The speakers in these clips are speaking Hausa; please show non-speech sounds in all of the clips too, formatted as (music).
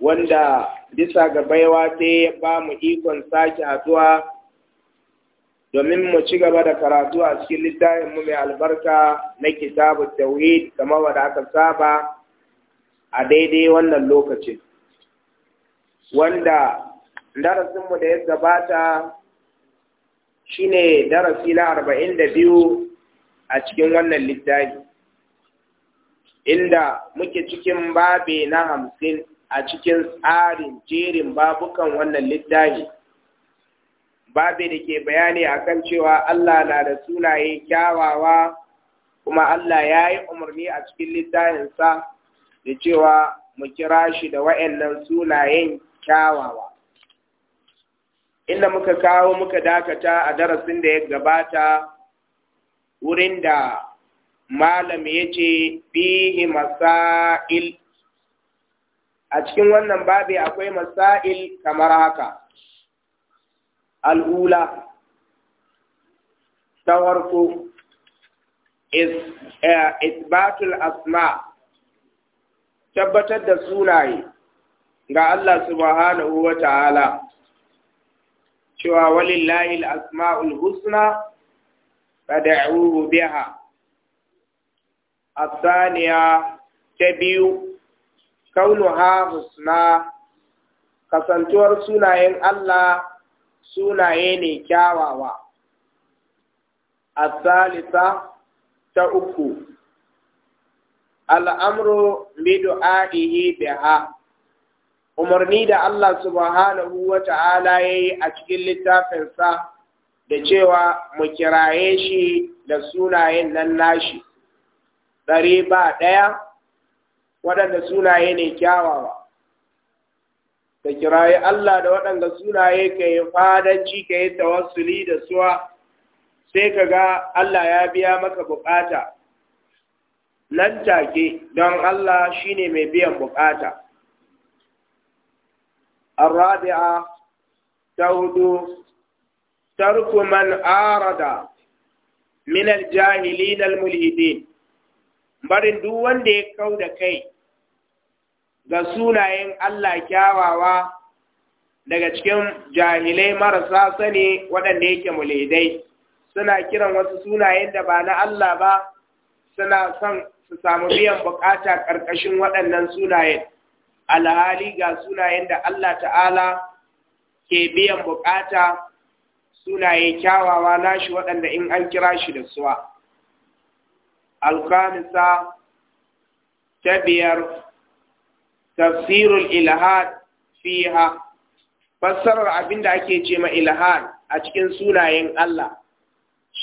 wanda bisa ga baiwa sai ya ba mu ikon sake haduwa domin mu ci gaba da karatu a cikin littafin mu mai albarka na kitabu tauhid kamar wanda aka saba a daidai wannan lokacin wanda darasin mu da ya gabata shine darasi na arba'in da biyu a cikin wannan littafi inda muke cikin babe na hamsin a cikin tsarin jerin babukan wannan littafi babu da ke bayani akan cewa Allah na da sunaye kyawawa kuma Allah ya yi umarni a cikin littafinsa da cewa mu kira shi da wa'annan sunayen kyawawa inda muka kawo muka dakata a darasin da ya gabata wurin da malam ya ce bihi masail a cikin wannan babi akwai masail kamar haka al'ula ta farko eh, isbatul asma tabbatar da sunaye ga Allah subhanahu wa ta'ala cewa walillahi al'asma'ul husna fada'uhu biha a saniya ta biyu kaunuha husna kasantuwar sunayen Allah sunaye ne kyawawa asalita ta uku al'amru bi ha. umarni da Allah subhanahu wa ta'ala ya yi a cikin littafinsa da cewa mu kiraye shi da sunayen nan nashi ɗari ba ɗaya waɗanda sunaye ne kyawawa ka kirayi Allah da waɗanda sunaye ka yi fadanci ka yi tawassuli da suwa sai ka ga Allah ya biya maka bukata nan take don Allah shi ne mai biyan bukata الرابعة تود ترك من آرد من الجاهلين الملحدين barin duk wanda ya kau da kai ga sunayen Allah kyawawa daga cikin jahilai marasa sani waɗanda yake mulidai suna kiran wasu sunayen da ba na Allah ba suna son su samu biyan bukata ƙarƙashin waɗannan sunayen alhali ga sunayen da Allah ta'ala ke biyan bukata sunaye kyawawa nashi waɗanda in an kira shi da suwa. alkanisa ta biyar tafsirul ilhad fiha fassarar abinda ake ce ma ilhad a cikin sunayen Allah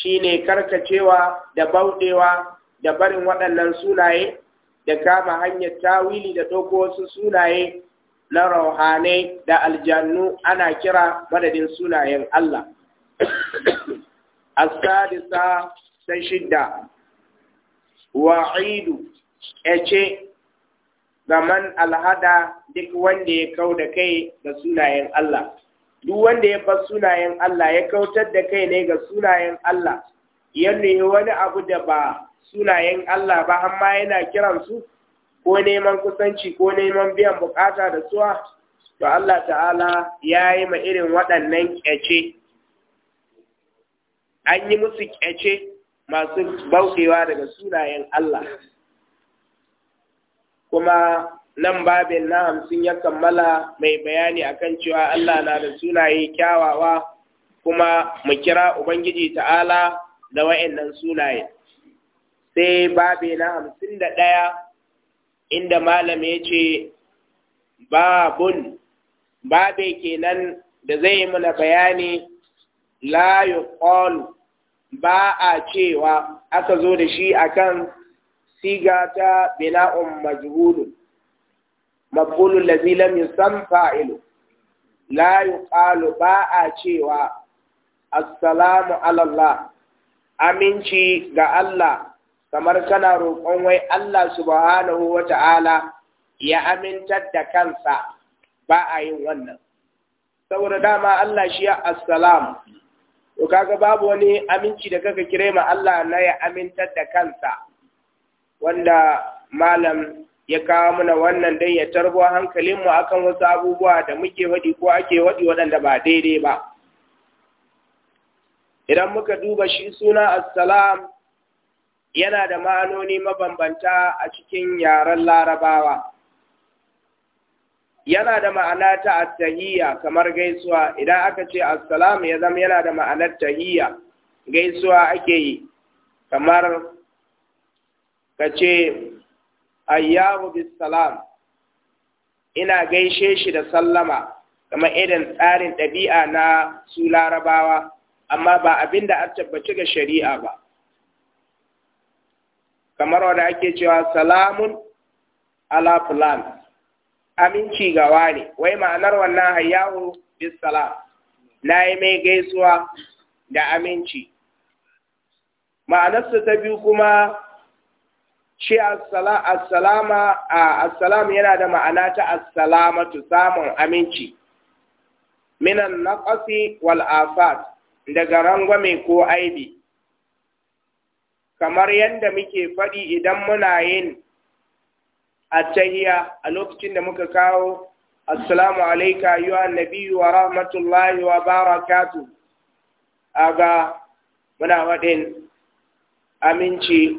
shine karkacewa da bauɗewa da barin waɗannan sunaye da kama hanyar tawili da ɗauko wasu sunaye na rauhanai da aljannu ana kira madadin sunayen Allah. Asadisa ta shidda, wa'idu ce man alhada duk wanda ya kau da kai ga sunayen Allah duk wanda ya bar sunayen Allah ya kautar da kai ne ga sunayen Allah ya yi wani abu da ba sunayen Allah ba amma yana kiransu ko neman kusanci ko neman biyan bukata da suwa to Allah ta'ala ya yi ma irin waɗannan ƙyace an yi musu ƙyace masu baukewa daga sunayen Allah kuma nan babin na hamsin ya kammala mai bayani akan cewa Allah na da sunaye kyawawa kuma mu kira Ubangiji ta'ala da wa'yannan sunaye. Sai babi na hamsin da ɗaya inda malam ya ce, Babun, babe kenan da zai yi mana bayani la yuqalu ba a cewa aka zo da shi akan siga ta bina'un majhulun maf'ulul ladzi lam yusam fa'ilu la yuqalu ba a cewa assalamu ala Allah aminci ga Allah kamar kana roƙon wai Allah subhanahu wa ta'ala ya amintar da kansa ba a yin wannan saboda dama Allah shi ya assalamu to kaga babu wani aminci da kaka kire ma Allah na ya amintar da kansa wanda malam ya kawo mana wannan dai ya tarbo hankalinmu akan wasu abubuwa da muke waɗi ko ake waɗi waɗanda ba daidai ba idan muka duba shi suna assalam yana da ma'anoni mabambanta a cikin yaren larabawa yana da ma'ana ta attahiyya kamar gaisuwa idan aka ce assalamu ya zama yana da ma'anar tahiyya gaisuwa ake yi kamar ka ce ayyahu bisalam ina gaishe shi da sallama kamar irin tsarin ɗabi'a na su larabawa amma ba abin da an tabbaci ga shari'a ba kamar wanda ake cewa salamun ala fulani aminci gawa ne wai ma'anar wannan hayyahu bisala, na yi mai gaisuwa da aminci ma'anarsa ta biyu kuma shi assalama assalam yana da ma'ana ta assalamatu samun aminci minan na wal afat daga rangwame ko aibi kamar yadda muke faɗi idan muna yin attahiya a lokacin da muka kawo assalamu alaika ayyuha nabiyyu wa rahmatullahi wa a aga muna waɗin aminci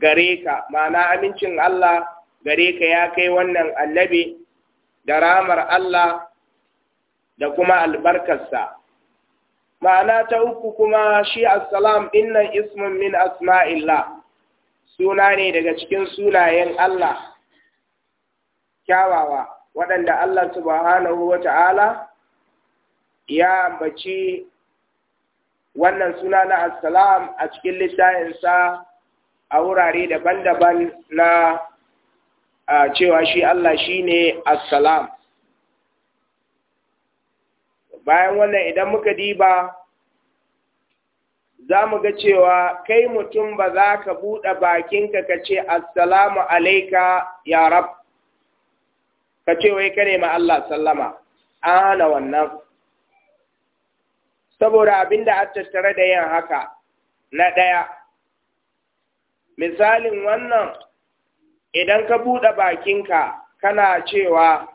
gare ka ma'ana amincin Allah gare ka ya kai wannan annabi da ramar Allah da kuma albarkarsa ma'ana ta uku kuma shi assalam dinnan ismin min asma'illah suna ne daga cikin sunayen Allah kyawawa waɗanda Allah subhanahu wa ta'ala ya ambaci wannan suna na assalam a cikin lissayensa a wurare daban-daban na cewa shi Allah shi ne assalam bayan wannan idan muka diba za mu ga cewa kai mutum ba za ka buɗe bakinka ka ce assalamu alaika ya rab ka ce wai kare ma Allah sallama an wannan saboda abinda a tattare da yin haka na ɗaya misalin wannan idan ka buɗe bakinka kana cewa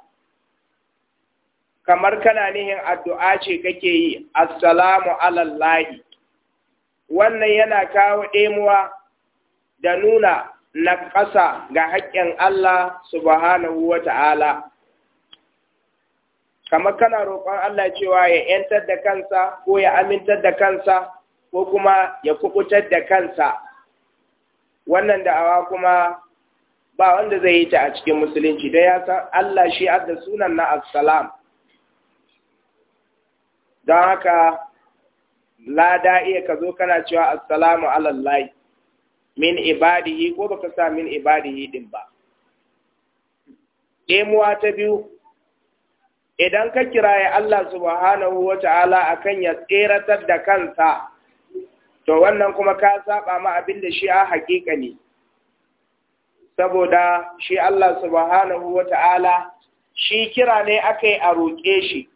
kamar kana nihin addu'a ce kake yi assalamu alallahi wannan yana kawo ɗemuwa da nuna na ƙasa ga haƙƙin Allah subhanahu wa ta'ala. Kamar kana roƙon Allah cewa ya ‘yantar da kansa ko ya amintar da kansa ko kuma ya kuɓutar da kansa, wannan da'awa kuma ba wanda zai yi ta a cikin musulunci da ya san Allah shi adda sunan na assalam. Don haka Lada iya ka zo kana cewa assalamu alallahi min ibadihi ko baka sa min ibadihi din ba ɗemuwa ta biyu idan ka kiraye Allah subhanahu wa ta'ala akan ya tseratar da kansa to wannan kuma ka saba ma abin da shi a hakika ne saboda shi Allah subhanahu wa ta'ala shi kira ne aka yi a roƙe shi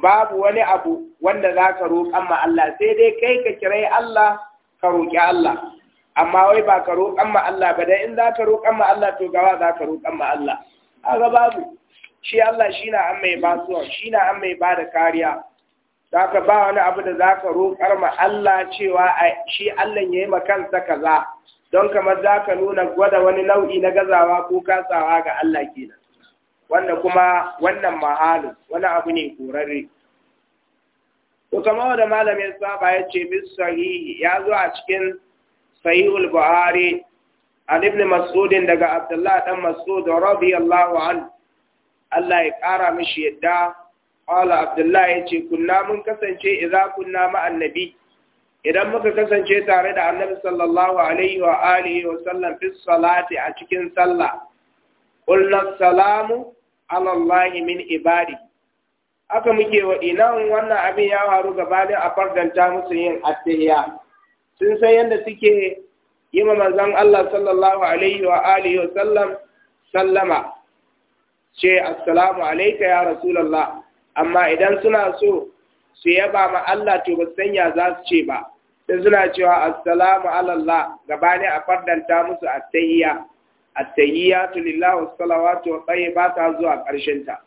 babu wani abu wanda za ka roƙan ma Allah sai dai kai ka kirai Allah ka roƙi Allah amma wai ba ka roƙan ma Allah ba dai in za ka roƙan ma Allah to gawa za ka roƙan ma Allah ga babu shi Allah shi na an mai basuwa shi na an mai ba da kariya za ka ba wani abu da za ka roƙar ma Allah cewa shi Allah ya yi ma kansa kaza don kamar za ka nuna gwada wani nau'i na gazawa ko kasawa ga Allah kenan wanda kuma wannan mahalu wani abu ne korarre to wa da malamin saba ya ce bis sahihi ya zo a cikin sahihul buhari an ibn daga abdullah dan mas'ud radiyallahu anhu Allah ya kara mishi yadda qala abdullah ya ce kunna mun kasance idza kunna ma'annabi idan muka kasance tare da annabi sallallahu alaihi wa alihi wa sallam fi salati a cikin sallah qulna salamu alallahi min ibadi aka muke wa inan wannan abin ya faru da a fardanta musu yin attiyya sun san yadda suke yi ma manzon Allah sallallahu alaihi wa alihi wa sallam sallama ce assalamu alayka ya rasulullah amma idan suna so su yaba ma Allah to ba ya za su ce ba sai suna cewa assalamu alallah da a fardanta musu attiyya at-tahiyyatu lillahi salawatu wa tayyibatu zuwa ƙarshen ta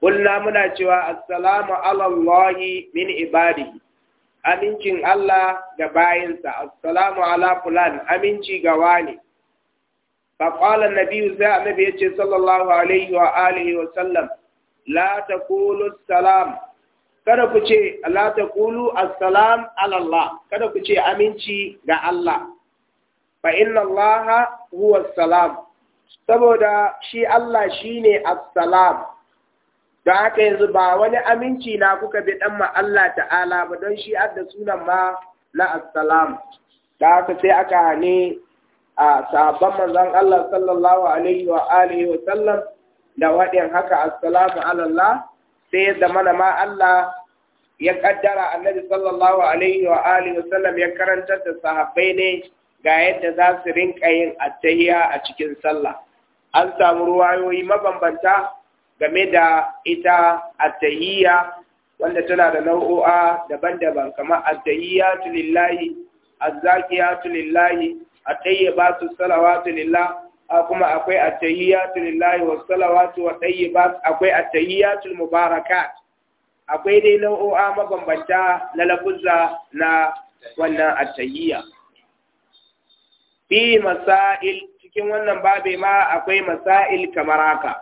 kulla muna cewa assalamu ala Allahi min ibadihi amincin Allah ga bayinsa assalamu ala fulan aminci ga wani qala nabiyyu za annabi yace sallallahu alaihi wa alihi wa sallam la taqulu salam kada ku ce la taqulu assalam ala Allah kada ku ce aminci ga Allah fa inna Allah huwa salam saboda shi Allah shi ne as-salam don haka yanzu ba wani aminci na kuka bi dan ma Allah ta'ala ba don shi adda sunan ma na as-salam da haka sai aka ne a sahabban manzon Allah sallallahu alaihi wa alihi wa sallam da waɗin haka assalamu Allah sai ya mana ma Allah ya kaddara annabi sallallahu alaihi wa alihi wa sallam ya karanta da sahabbai ne ga yadda za su rinka yin attahiya a cikin sallah an samu ruwayoyi mabambanta game da ita attahiya wanda tana da nau'o'a daban-daban kamar tu lillahi tu lillahi attayyibatu salawatu lillah kuma akwai tu lillahi wa salawatu wa tayyibat akwai tu mubarakat akwai dai nau'o'a mabambanta na lafuzza na wannan attahiya fi masail cikin wannan babe ma akwai masail kamar haka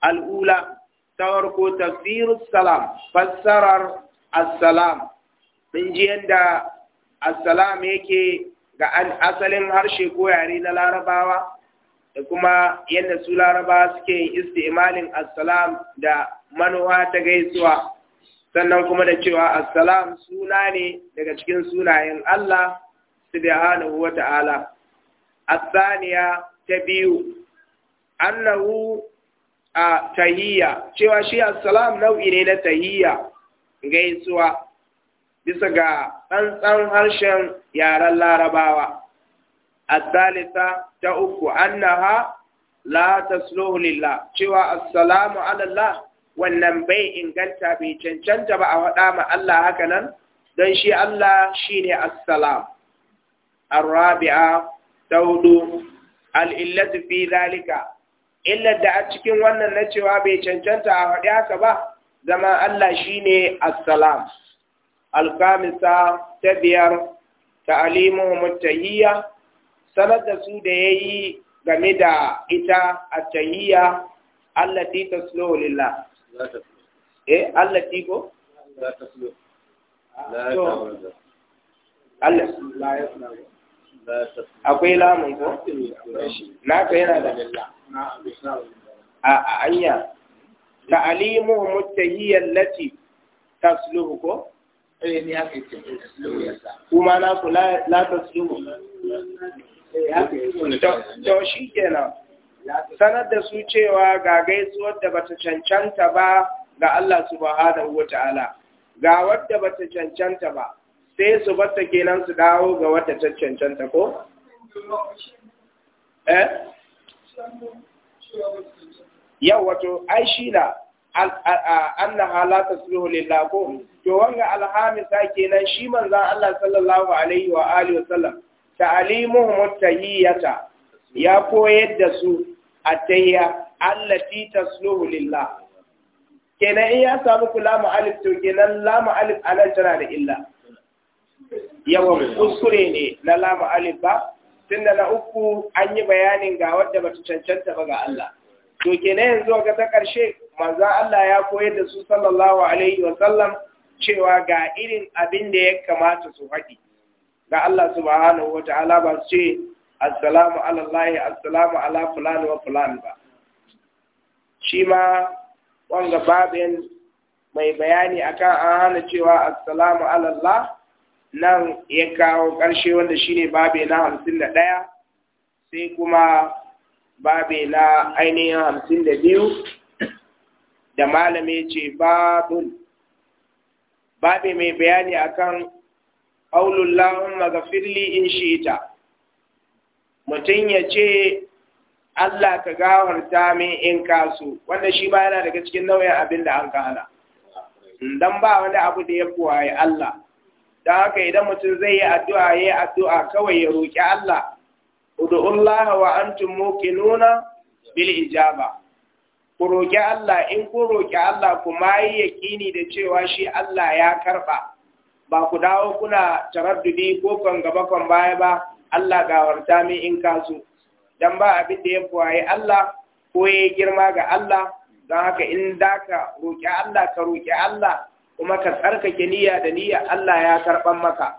al'ula ta farko tafsiru salam fassarar assalam mun ji yadda assalam yake ga asalin harshe ko yare na larabawa da kuma yadda su larabawa suke yin isti'malin assalam da manowa ta gaisuwa sannan kuma da cewa assalam suna ne daga cikin sunayen Allah subhanahu wa ta'ala asaniya ta biyu annahu a tahiya cewa shi asalam nau'i ne na tahiya gaisuwa bisa ga tsantsan harshen yaren larabawa asalisa ta uku annaha la tasluhu cewa assalamu ala wannan bai inganta bai cancanta ba a faɗa ma Allah haka nan don shi Allah shine asalam. الرابعة تود الإلة في ذلك إلا da a cikin wannan na cewa bai cancanta a faɗi haka ba zama Allah shine assalam alkamisa ta biyar ta'alimu mutahiyya sanar da su da yayi game da ita at-tahiyya allati tasluhu lillah eh ko akwai lamun ko naka yana da lalla? a anya ta'alimu muttahiyya allati tasluhu ko eh ni haka yake kuma na ku la tasluhu eh, to shi kenan sanar da su cewa ga gaisuwar da bata cancanta ba ga Allah subhanahu wa ga wadda bata cancanta ba sai su batta kenan su dawo ga wata ta ko? eh? yau wato ai shi na annaha la tasluhu lillah ko to wanga alhamisa kenan shi za Allah sallallahu alaihi wa alihi wasallam ta'limuhum at-tahiyyata ya koyar da su a at Allah ta tasluhu lillah kenan in ya samu kula mu alif to kenan la mu alif anan tana da illa yawan kuskure ne na lamu alif ba tun da na uku an yi bayanin ga wadda ba cancanta ba ga Allah to na yanzu ga ta ƙarshe manzo Allah ya koyar da su sallallahu alaihi wa sallam cewa ga irin abin da ya kamata su haɗi ga Allah subhanahu wa ta'ala ba su ce assalamu ala assalamu ala fulani wa fulani ba shi ma wanga babin mai bayani akan an hana cewa assalamu ala Allah nan ya kawo ƙarshe wanda shine babe na hamsin da ɗaya sai kuma babe na ainihin hamsin da biyu da malame ce babun babe mai bayani akan aulullahun magafirli in shi ita. mutum ya ce Allah ka gawarta min in kasu wanda shi ba yana daga cikin nau'in abin da an ka hana dan ba wani abu da ya ya Allah da haka idan mutum zai yi addu'a ya yi addu'a kawai ya roƙi Allah, Allah wa antum nuna, bil ijaba. Ku roƙi Allah in ku roƙi Allah ku ma yi yaƙini da cewa shi Allah ya karɓa, ba ku dawo kuna taraddudi ko kan gaba kan baya ba, Allah gawarta min in ka so. Dan ba abin da ya fuwaye Allah ko ya girma ga Allah, don haka in da ka roƙi Allah ka roƙi Allah kuma ka tsarkake niyya da niyya Allah ya karɓan maka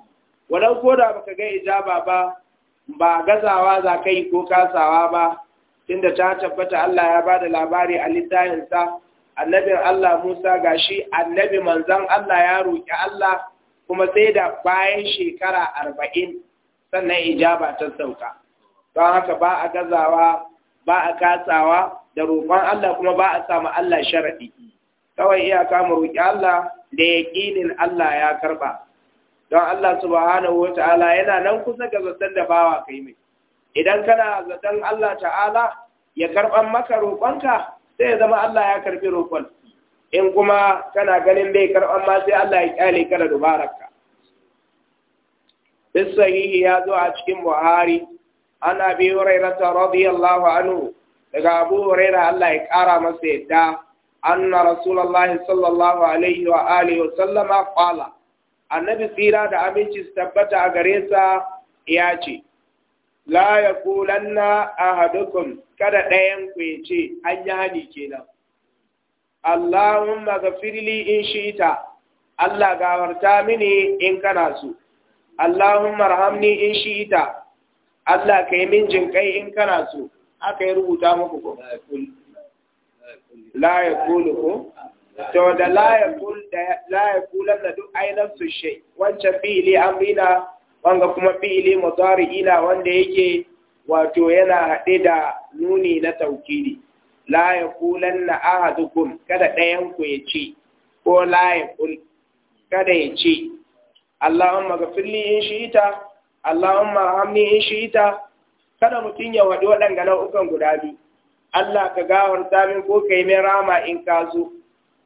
wadan ko da baka ga ijaba ba ba gazawa za ka yi ko kasawa ba tunda ta tabbata Allah ya ba da labari a littafinsa annabin Allah Musa gashi annabi manzon Allah ya roƙi Allah kuma sai da bayan shekara arba'in sannan ijaba ta sauka don haka ba a gazawa ba a kasawa da roƙon Allah kuma ba a samu Allah sharaɗi kawai iyaka mu roƙi Allah da yaƙinin Allah ya karɓa don Allah subhanahu wa ta'ala yana nan kusa ga zaton da bawa kai mai idan kana zaton Allah ta'ala ya karɓan maka roƙonka sai ya zama Allah ya karɓi roƙon in kuma kana ganin bai karɓan ma sai Allah ya ƙyale ka da dubararka bisahihi ya zo a cikin Buhari Ana an Abi Hurairah radiyallahu anhu daga Abu huraira Allah ya ƙara masa yadda anna rasulallah sallallahu alaihi wa alihi wa sallama qala annabi tsira da aminci su tabbata a gare sa ya ce la yaqulanna ahadukum kada ɗayan ku ya ce an yi hani kenan Allahumma ghafirli in shi'ita Allah gawarta mini in kana su. Allahumma rahamni in shi'ita Allah ka yi min jinƙai in kana su. aka yi rubuta muku ko la ya kulu ko to da la ya kul da la ya kulan da duk ainan su shay wancan fi'ili amrina wanga kuma fi'ili mudari'ina wanda yake wato yana hade da nuni na taukidi la ya kulan na ahadukum kada ɗayan ku ya ce ko la ya kul kada ya ce Allahumma gafirli in shi'ita Allahumma hamni in shi'ita kada mutum ya waɗi waɗanga ukan guda biyu Allah ka gawarta min ko kai min rama in ka zo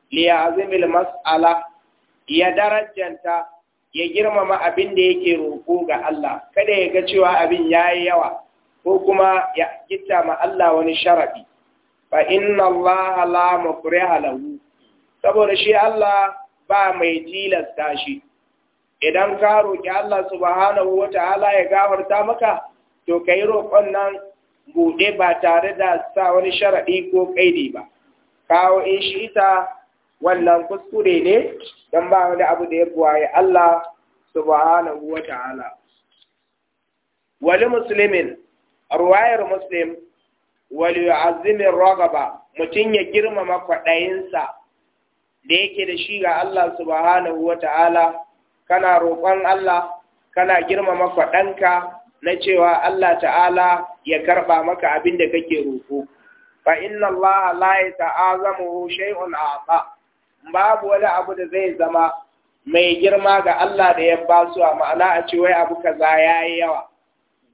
Ya azimil mas'ala ya darajanta ya girmama abin da yake roƙo ga Allah kada ya ga cewa abin yayi yawa ko kuma ya kitta ma Allah wani sharafi fa inna Allah la mukriha lahu saboda shi Allah ba mai tilasta shi idan ka roƙi Allah subhanahu wataala ya gafarta maka to kai roƙon nan buɗe ba tare da sa wani sharaɗi ko ƙaidi ba kawo in shi ita wannan kuskure ne don ba wani abu da ya buwaye Allah subhanahu wa ta'ala wali musulmin ruwayar muslim wali azimin ragaba mutum ya girmama kwaɗayinsa da yake da shi ga Allah subhanahu wa ta'ala kana roƙon Allah kana girmama kwaɗanka na cewa Allah ta'ala ya karɓa maka abin da kake roƙo fa inna Allah la yata'azamu shay'un aqa babu wani abu da zai zama mai girma ga Allah da ya ba su a ma'ana a ce wai abu kaza yayi yawa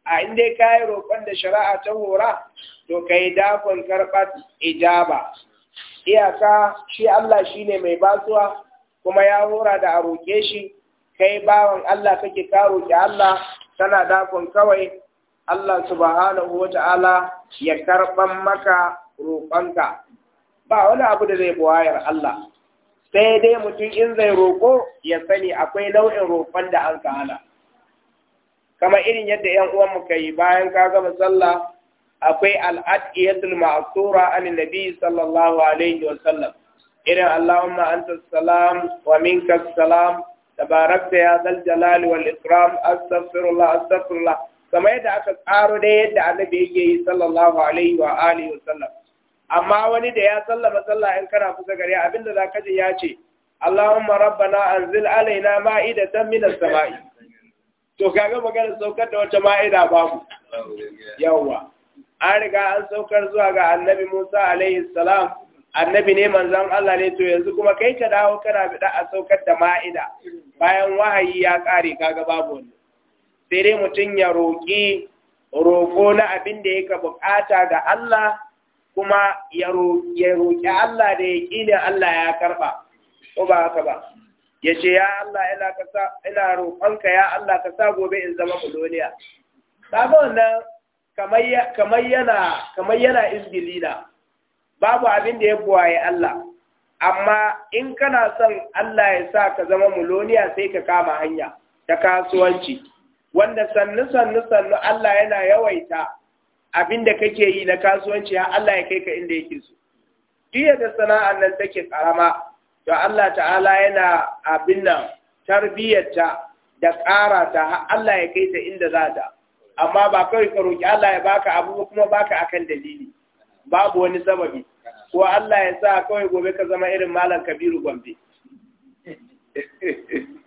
a inda ka yi roƙon da shari'a ta hora to kai da kun karɓar ijaba iyaka shi Allah shine mai basuwa kuma ya hora da a roƙe shi kai bawan Allah kake karo ki Allah tana kun kawai Allah subhanahu wa ta'ala ya karɓan maka roƙonka, ba wani abu da zai buwayar Allah, sai dai mutum in zai roƙo ya sani akwai nau'in roƙon da an hana. Kama irin yadda ‘yan uwan muka yi bayan ka gama sallah akwai al'adiyatul ma'asura an nabi sallallahu alaihi wa sallam. Irin Allahumma anta salam wa minka salam, tabarakta ya zal jalali wal ikram, astaghfirullah, astaghfirullah. kamar yadda aka tsaro da yadda annabi yake yi sallallahu alaihi wa alihi wa sallam amma wani da ya sallama sallah in kana kusa gare abinda ka ji ya ce Allahumma rabbana anzil alaina ma'idatan minas sama'i to kaga magana saukar da wata ma'ida babu yawa an riga an saukar zuwa ga annabi Musa alaihi salam annabi ne manzon Allah ne to yanzu kuma kai ka dawo kana bida a saukar da ma'ida bayan wahayi ya kare kaga babu wannan sai dai mutum ya roƙi roƙo na abin da yake buƙata ga Allah kuma ya roƙi Allah da ya ƙi Allah ya karɓa ko ba haka ba ya ce ya Allah ina roƙonka ya Allah ka sa gobe in zama kuloniya. Babu wannan kamar yana kamar yana izgilina babu abin da ya buwaye Allah amma in kana son Allah ya sa ka zama muloniya sai ka kama hanya ta kasuwanci wanda sannu sannu sannu Allah yana yawaita abin da kake yi na kasuwanci ya Allah ya kai ka inda yake so jiya da sana'ar nan take karama to Allah ta'ala yana abin nan tarbiyyarta da ƙara ta Allah ya kai ta inda za ta amma ba kawai ka roki Allah ya baka abu kuma baka akan dalili babu wani sababi ko Allah ya sa kawai gobe ka zama irin malam Kabiru Gombe (laughs)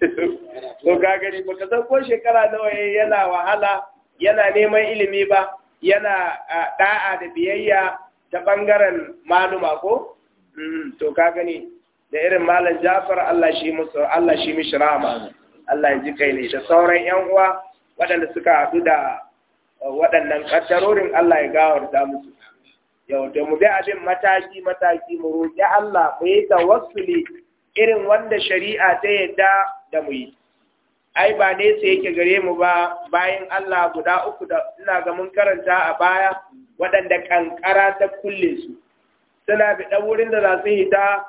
(laughs) to baka san ko shekara nawa yana wahala yana neman ilimi ba yana da'a da biyayya ta bangaren maluma ko mm, to ka gani da irin malam Jafar Allah shi musu Allah shi mishi rahama Allah ji kai ne da sauran yan uwa waɗanda suka haɗu da waɗannan kaddarorin Allah ya gawarta musu yau da mu bi abin mataki mataki mu roƙi Allah mu yi tawassuli irin wanda shari'a ta yadda da mu yi ai ba ne yake gare mu ba bayan Allah guda uku da ina ga mun karanta a baya waɗanda kankara ta kulle su suna bi ɗan wurin da za su hita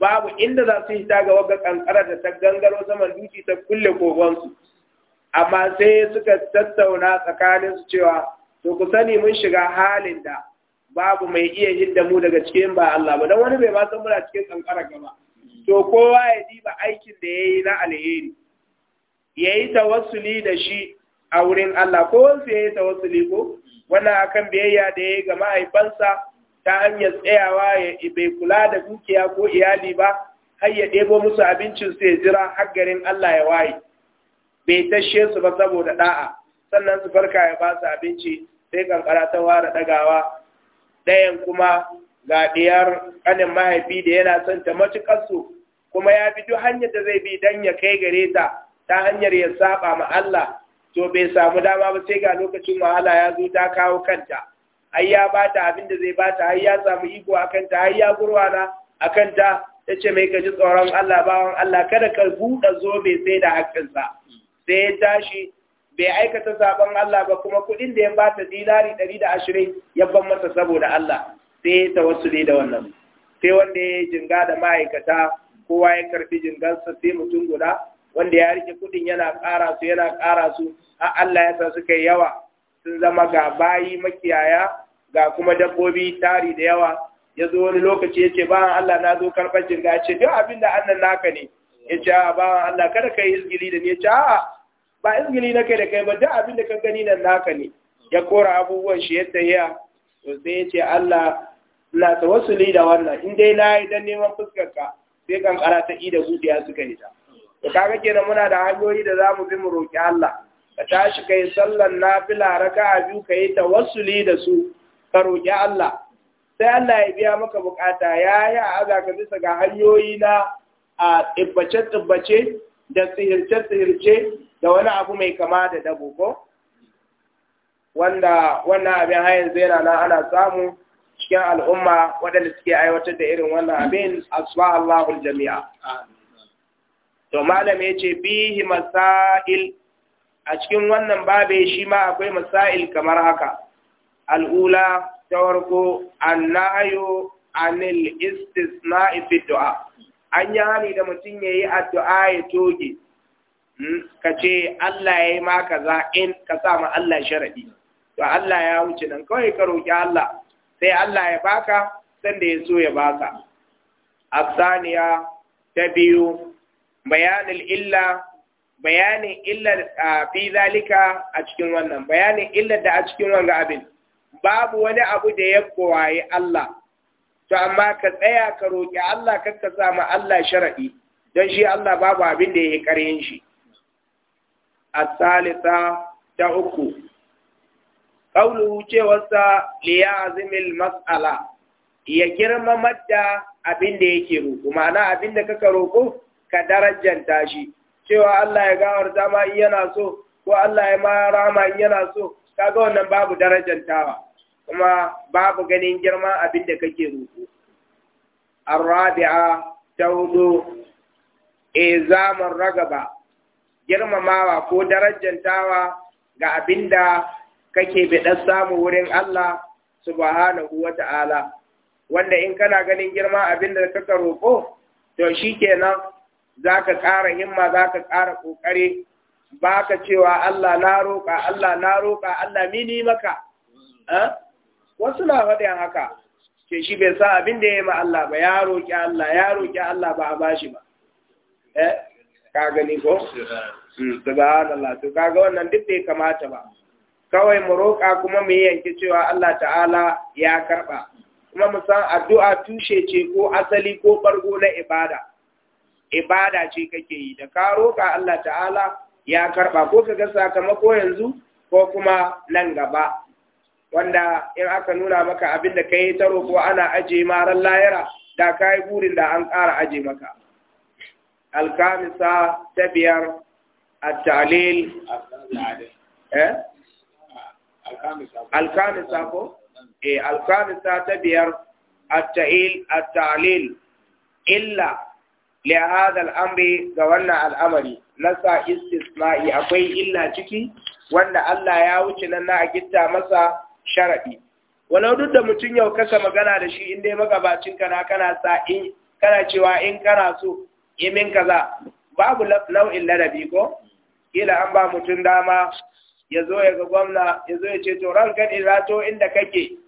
babu inda za su hita ga waga kankara da ta gangaro saman duki ta kulle kogon su amma sai suka tattauna tsakaninsu cewa to ku sani mun shiga halin da babu mai iya hidda mu daga cikin ba Allah ba dan wani bai ba san muna cikin kankara gaba to kowa ya diba aikin da ya yi na alheri ya yi tawassuli da shi a wurin Allah ko wansu ya yi tawassuli ko wannan akan biyayya da ya yi ga mahaifansa ta hanyar tsayawa ya bai kula da dukiya ko iyali ba har ya ɗebo musu abincin su ya jira har garin Allah ya waye bai tashe su ba saboda ɗa'a, sannan su farka ya ba su abinci sai kankara ta ware ɗagawa ɗayan kuma ga ɗiyar ƙanin mahaifi da yana son ta matuƙar so kuma ya bi duk hanyar da zai bi dan ya kai gare ta ta hanyar ya saba ma Allah to bai samu dama ba sai ga lokacin wahala ya zo ta kawo kanta ai ya bata abin da zai bata ai ya samu iko akan ta ai ya gurwana akan ta tace mai kaji tsoron Allah bawan Allah kada ka buɗe zobe sai da hakkinsa sai ya tashi bai aikata zaben Allah ba kuma kuɗin da ya bata dinari ɗari da ashirin ya ban masa saboda Allah sai ya tawassule da wannan sai wanda ya jinga da ma'aikata kowa ya karbi sa sai mutum guda wanda ya rike kudin yana ƙara su yana ƙara su a Allah ya sa suka yawa sun zama ga bayi makiyaya ga kuma dabbobi tari da yawa ya zo wani lokaci ya ce bayan Allah na zo karɓar jinga ya ce duk abin da annan naka ne ya ce a bayan Allah kada ka izgili da ni ya ce a ba izgili na kai da kai ba duk abin da ka gani nan naka ne ya kora abubuwan shi ya tsaya to sai ya ce Allah na tawassuli da wannan in dai na yi dan neman fuskar ka sai kankara ta ida zuciya suka yi ta to kaga kenan muna da hanyoyi da zamu bi mu roki Allah ka tashi kai sallan nafila raka'a biyu kai tawassuli da su ka roki Allah sai Allah ya biya maka bukata yayi aza ka bisa ga hanyoyi na a tsibbace tsibbace da tsirce tsirce da wani abu mai kama da dabo ko wanda wannan abin hayan zai nan ana samu cikin al'umma waɗanda suke aiwatar da irin wannan abin suwa Allahul jami'a. To malam ya ce bihi masail a cikin wannan babe shi ma akwai masail kamar haka. Al'ula ta farko annayo anil na ifi du'a. An yi hani da mutum ya yi addu'a ya toge, hmm, ka ce Allah ya yi ma kaza in ka sa ma Allah sharaɗi. To Allah ya wuce nan kawai ka roƙi Allah sai Allah ya baka sanda ya so ya baka asaniya ta biyu bayanin illa bayanin illar fi zalika a cikin wannan bayanin illar da a cikin wanga abin babu wani abu da ya kowaye Allah to amma ka tsaya ka roƙi Allah kar ka sa Allah sharadi don shi Allah babu abin da ya yi shi asalisa ta uku qawluhu cewarsa li ya'zimil mas'ala ya girmama da abin da yake roƙo ma'ana abin da kaka roƙo ka darajanta shi cewa Allah ya gawar dama in yana so ko Allah ya ma in yana so kaga wannan babu darajantawa kuma babu ganin girma abin da kake roƙo arabi'a ta hudu ragaba girmamawa ko darajantawa ga abin da kake biɗar samu wurin Allah subhanahu wa ta'ala, wanda in kana ganin girma abin da kaka roƙo, to shi kenan za ka ƙara himma za ka ƙara ƙoƙari, ba ka cewa Allah na roƙa, Allah na roƙa, Allah mini maka. Eh? Wasu na faɗin haka, ke shi bai sa abin da ya yi ma Allah ba, ya roƙi Allah, ya roƙi Allah ba a bashi ba. Eh? Ka gani ko? Subhanallah, hmm, to kaga wannan duk bai kamata ba. kawai mu roƙa kuma mu yanke cewa Allah ta'ala ya karɓa kuma mu san addu'a tushe ce ko asali ko farko na ibada ibada ce kake yi da ka roƙa Allah ta'ala ya karɓa ko ka ga sakamako yanzu ko kuma nan gaba wanda in aka nuna maka abin da ka yi ta roƙo ana aje maran layara da ka burin da an ƙara aje maka alkamisa ta biyar a talil eh alkamisa ko eh ta biyar at-ta'il illa li hadha al-amri ga wannan al'amari nasa istisna'i akwai illa ciki wanda Allah ya wuce nan na gitta masa sharadi walau duk da mutum yau kasa magana da shi in dai magabacin kana kana cewa in kana so yi min kaza babu nau'in ladabi ko kila an ba mutum dama ya zo ya ga gwamna ya zo ya ce to ranka ne rato inda kake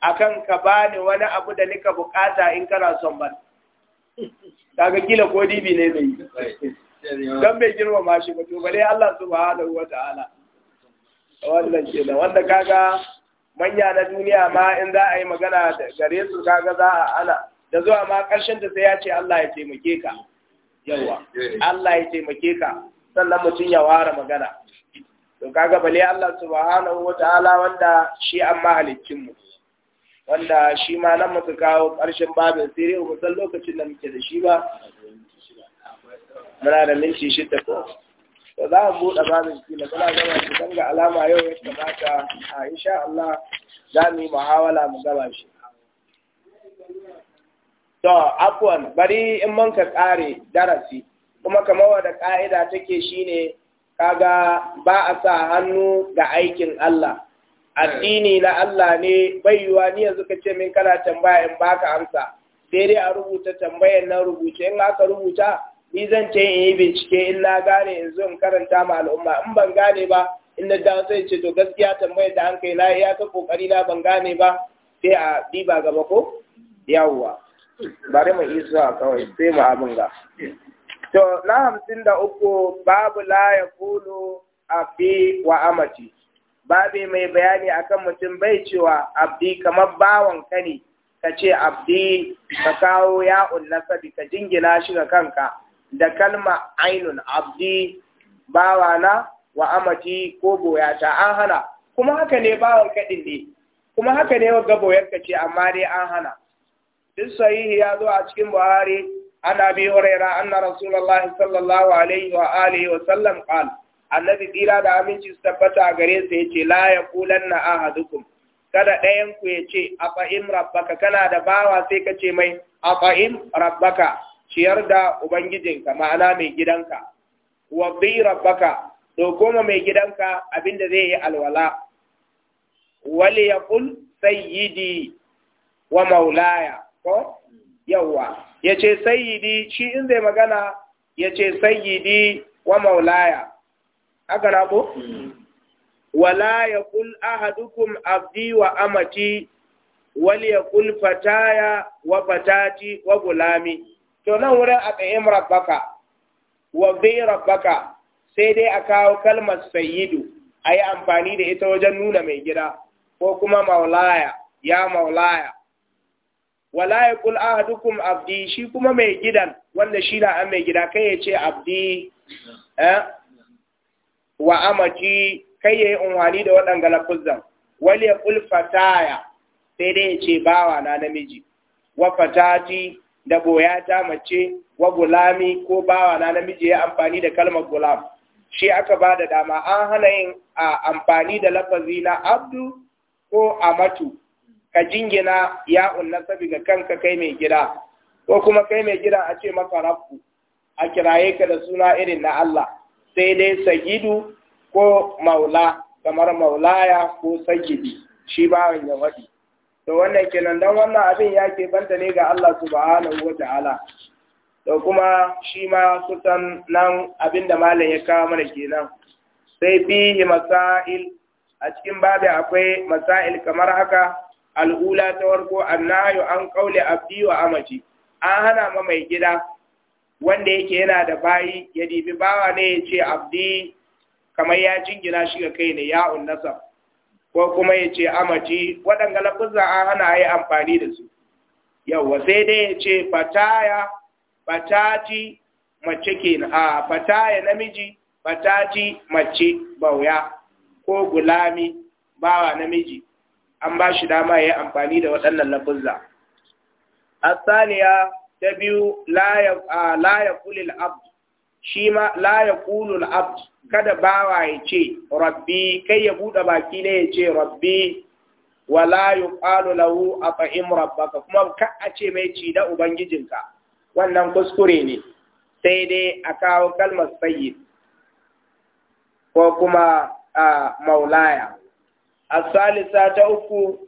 akan ka bani wani abu da nika bukata in kana son ban daga kila ko dibi ne mai don bai girma ma shi mutu bare Allah subhanahu wa ta'ala wannan ke da wanda kaga manya na duniya ma in za a yi magana da gare su kaga za a ana da zuwa ma karshen ta sai ya ce Allah ya taimake ka yawa Allah ya taimake ka sannan mutum ya ware magana to kaga bale Allah subhanahu wataala wanda shi an mahalicin mu wanda shi ma nan muka kawo ƙarshen babin sirri mu san lokacin da muke da shi ba muna da minti shida ko to za mu buɗe babin na kana gaba shi dan ga alama yau ya kamata a insha Allah za mu yi muhawala mu gaba shi to afwan bari in mun ka ƙare darasi kuma kamar wadda ƙa'ida take shine kaga ba a sa hannu ga aikin Allah addini na Allah ne bai baiwa ni yanzu ka ce min kana tambaya in baka amsa sai dai a rubuta tambayar nan rubuce in aka rubuta ni zan ce in yi bincike in na gane in zo in karanta ma al'umma in ban gane ba in na dawo sai ce to gaskiya tambayar da an kai na iya ta kokari na ban gane ba sai a diba gaba ko yawwa bari mu isa kawai sai mu abin ga To, na hamsin da uku babu la ya kulu abdi wa amati. Babi mai bayani akan mutum bai cewa abdi kamar bawan ka ne, ka ce abdi ka kawo ya'un nasabi ka jingina shi ga kanka da kalma ainun abdi bawana wa amati ko boyata an hana. Kuma haka ne bawan kaɗin ne, kuma haka ne wa gaboyar ka ce amma dai an hana. Duk sahihi ya zo a cikin Buhari an abi huraira ana rasulullah sallallahu alaihi wa wa sallam qala annabi tsira da aminci su tabbata a gare sa yace la yaqulanna kada ɗayan ku yace afa'im rabbaka kana da bawa sai ka ce mai afa'im rabbaka ciyar da ubangijinka ma'ana mai gidanka wa bi rabbaka to goma mai gidanka abinda zai yi alwala wali yaqul sayyidi wa maulaya ko yawwa yace sayyidi shi in zai magana yace sayyidi wa maulaya aka na ko wala yaqul ahadukum abdi wa amati wal yaqul fataya wa fatati wa gulami to nan wurin a tsaye rabbaka wa bi rabbaka sai dai a kawo kalmar sayyidu a yi amfani da ita wajen nuna mai gida ko kuma maulaya ya maulaya wala ya kul ahadukum abdi shi kuma mai gidan wanda shi na mai gida kai ya ce abdi eh, wa amati kai ya yi unwani da waɗanga lafuzan Wani ya kul fataya sai dai ya ce bawa na namiji wa fatati da ta mace wa gulami ko bawa na namiji ya amfani da kalmar gulam shi aka ba da dama an hana yin amfani da lafazi na abdu ko amatu ka jingina unna nasabi ga kanka kai mai gida ko kuma kai mai gida a ce maka rabbu a kiraye ka da suna irin na Allah sai dai sagidu ko maula kamar maulaya ko sagidi shi bawan ya wadi to wannan kenan dan wannan abin yake banta ne ga Allah subhanahu wa ta'ala to kuma shi ma sutan nan abin da malam ya kawo mana kenan sai fihi masail a cikin babu akwai masail kamar haka al'ula ta warko annahu an kaule abdi wa amati an hana ma mai gida wanda yake yana da bayi ya dibi bawa ne ya ce abdi kamar ya jingina shi ga kai ne ya unnasa ko kuma ya ce amaci waɗanga lafizan an hana yi amfani da su yawwa sai dai ya ce fataya fatati mace ke a fataya namiji fatati mace bauya ko gulami bawa namiji an ba shi dama ya yi amfani da waɗannan lafuzza. Saniya ta biyu laya ya kulil abd shi ma laya kulul abd kada bawa ya ce rabbi kai ya buɗe baki ne ya ce rabbi wa la yuqalu lahu at'im rabbaka kuma ka a ce mai ci da ubangijinka wannan kuskure ne sai dai a kawo kalmar sayyid ko kuma a maulaya الثالثة تأكو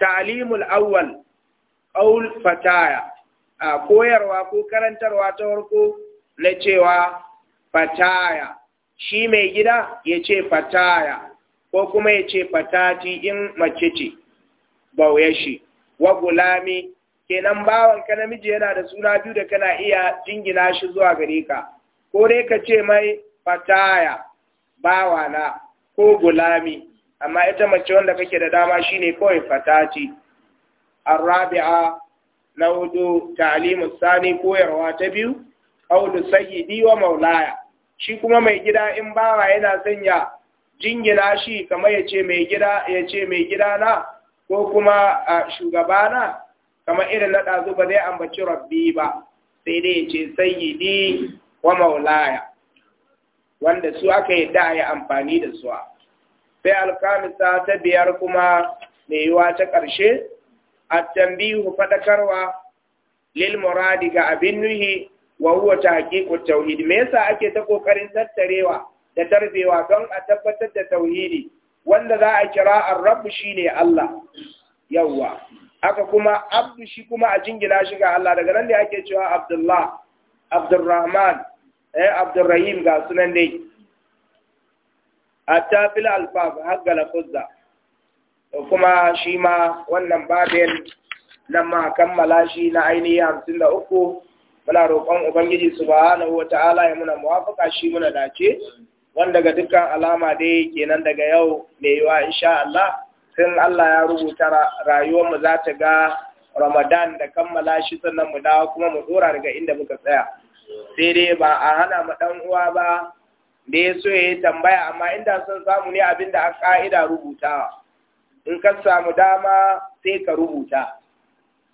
تعليم الأول قول فتايا koyarwa ko karantarwa ta farko na cewa fataya shi mai gida ya ce fataya ko kuma ya ce fatati in mace ce bauye shi wa gulami kenan bawan ka namiji yana da suna biyu da kana iya jingina shi zuwa gare ka ko dai ka ce mai fataya bawana ko gulami amma ita mace wanda kake da dama shine kawai fata ce arabi'a na hudu ta'limu sani koyarwa ta biyu audu sayyidi wa maulaya shi kuma mai gida in bawa yana sanya jingina shi kamar ya ce mai gida ya ce mai gida na ko kuma shugaba na kamar irin na ɗazu ba zai ambaci rabbi ba sai dai ya ce sayyidi wa maulaya wanda su aka yi da ya amfani da su sai alkamisa ta biyar kuma mai yiwa ta ƙarshe a tambihu faɗakarwa lil muradi ga abin nuhi wa huwa tahqiqut tauhid me yasa ake ta kokarin tattarewa da tarbewa don a tabbatar da tauhidi wanda za a kira ar-rabb shine Allah yawwa aka kuma abdu shi kuma a jingina shi ga Allah daga nan da ake cewa Abdullah Abdurrahman eh Abdurrahim ga sunan dai hatta fil alfaf har ga lafuzza kuma shi ma wannan babin nan ma kammala shi na ainihi hamsin da uku muna roƙon ubangiji subhanahu wata ta'ala ya muna muwafaka shi muna dace wanda daga dukkan alama dai nan daga yau mai yiwa insha Allah sun Allah ya rubuta rayuwar mu za ta ga Ramadan da kammala shi sannan mu dawo kuma mu dora daga inda muka tsaya sai dai ba a hana mu dan uwa ba da ya so ya yi tambaya amma inda son samu ne abin da aka ƙa'ida rubutawa in ka samu dama sai ka rubuta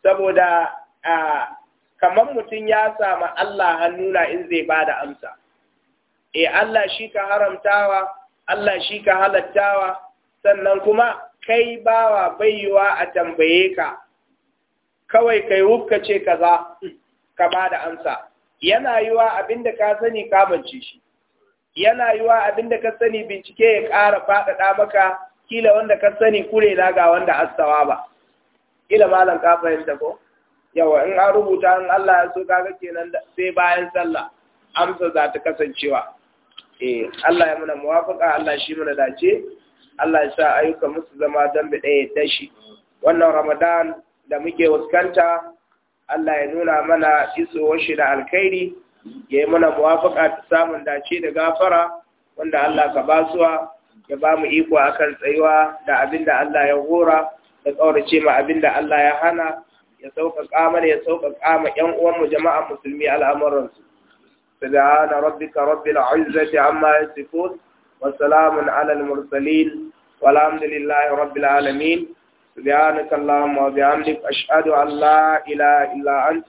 saboda a kamar mutum ya samu Allah hannuna in zai ba da amsa e Allah shi ka haramtawa Allah shi ka halattawa sannan kuma kai bawa baiwa a tambaye ka kawai kai wufka ce kaza ka ba da amsa yana yiwa abinda ka sani kamance shi yana yi wa abinda ka sani bincike ya ƙara faɗaɗa maka kila wanda ka sani kure na ga wanda astawa ba kila malam ka fahimta ko yawa in an rubuta in Allah ya so kaga kenan sai bayan sallah amsa za ta kasancewa eh Allah ya muna muwafaka Allah shi muna dace Allah ya sa ayyuka musu zama dan bi ɗaya ya shi wannan Ramadan da muke wuskanta Allah ya nuna mana isowar shi da alkhairi ya yi mana muwafaka ta samun dace da gafara wanda Allah ka basuwa ya ba mu iko akan tsayuwa da abin da Allah ya hora da ƙaurace ma abin da Allah ya hana ya sauƙaƙa mana ya sauƙaƙa ma ƴan mu jama'a musulmi al'amuran al'amuransu subhana rabbika rabbil izzati amma yasifun wa salamun alal mursalin walhamdulillahi rabbil alamin subhanaka allahumma wa bihamdik ashhadu an la ilaha illa anta